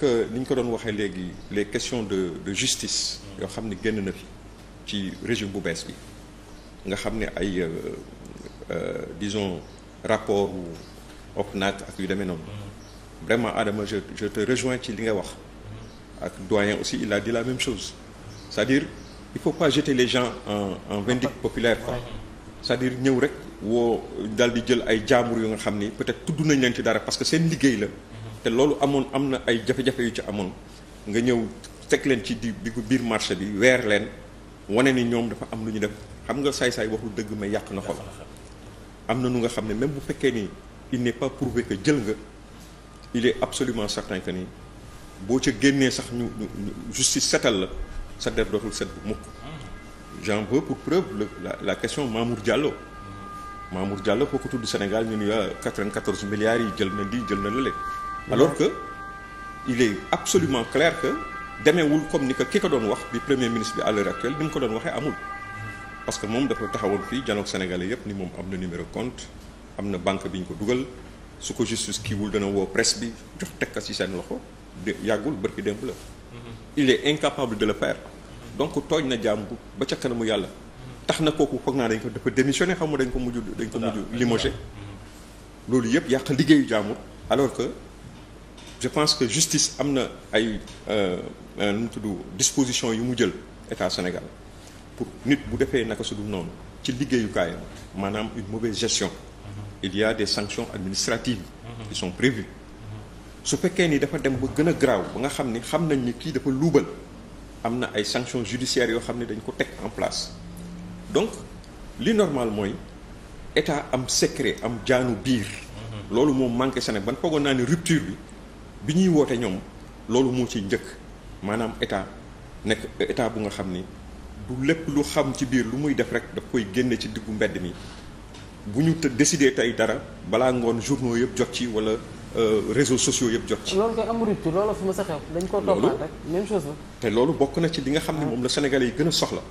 que ni ñu ko doon waxee léegi les questions de de justice yoo xam ne génn na fi ci régime bu bees bi nga xam ne ay euh, euh, disons rapport wu OFNAC ak yu demee noonu mm-hmm. vraiment Adama je je te rejoins ci li nga wax mm-hmm. ak doyen aussi il a dit la même chose c'est-à-dire il faut pas jeter les gens en en vindicte populaire quoi cest dire ñëw rek woo daal di jël ay jaambur yu nga xam ni peut-être tudd nañ leen ci dara parce que seen liggéey la mm-hmm. te loolu amoon am na ay jafe-jafe yu ci amoon nga ñëw teg leen ci di biir marché bi weer leen wane ni ñoom dafa am lu ñu def xam nga saay-saay waxul dëgg ma yàq na xol am na nu nga xam ne même bu fekkee ni il n'est pas prouvé que jël nga il est absolument certain que ni boo ca génnee sax ñu justice setal la sa def dootul set bu mukk j'en veux pour preuve le, la, la question Mamour Diallo mm-hmm. Mamour Diallo foo ko tudd Sénégal ñu ne ah, 94 milliards yi jël na lii jël na lële alors que il est absolument clair que demeewul comme ni ko ki ko doon wax bi premier ministre bi à l'heure actuelle ni mu ko doon waxee amul parce que moom dafa taxawoon fii janoog sénégalais yépp ni moom am na numéro compte am na banque bi ñu ko dugal su ko justice kiiwul dana woo presse bi jox teg ko ci seen loxo yàggul ba bërki démb la il est incapable de le faire donc tooñ na jaam bu ba ca kanamu yàlla tax na kooku foog naa dañ ko dafa démissionné xam nga dañ ko mujj dañ ko mujj limogé loolu yépp yàq liggéeyu jaamur alors que je pense que justice am na ay euh, euh, nu mu tudd disposition yu mu jël état Sénégal pour nit bu defee naka su dul noonu ci liggéeyukaayam maanaam une mauvaise gestion mm-hmm. il y a des sanctions administratives mm-hmm. qui sont prévues mm-hmm. su fekkee nii dafa dem ba gën a graaw ba nga xam ni xam nañ ni kii dafa luubal am na ay sanctions judiciaires yoo xam ne dañu ko teg en place donc li normal mooy état am secret am jaanu biir loolu moom manqué Sénégal ban foogoon naa ni rupture bi bi ñuy wootee ñoom loolu moo ci njëkk maanaam état nekk état bu nga xam ni du lépp lu xam ci biir lu muy def rek daf koy génne ci diggu mbedd mi bu ñu décidé tey dara balaa ngoon journaux yëpp jot ci wala euh, réseaux sociaux yëpp jot ci. loolu kay amul rupture loolu fi ma sa xew. dañ ko toppal rek même chose la. te loolu bokk na ci li nga xam ne ah. moom la Sénégalais yi gën a soxla.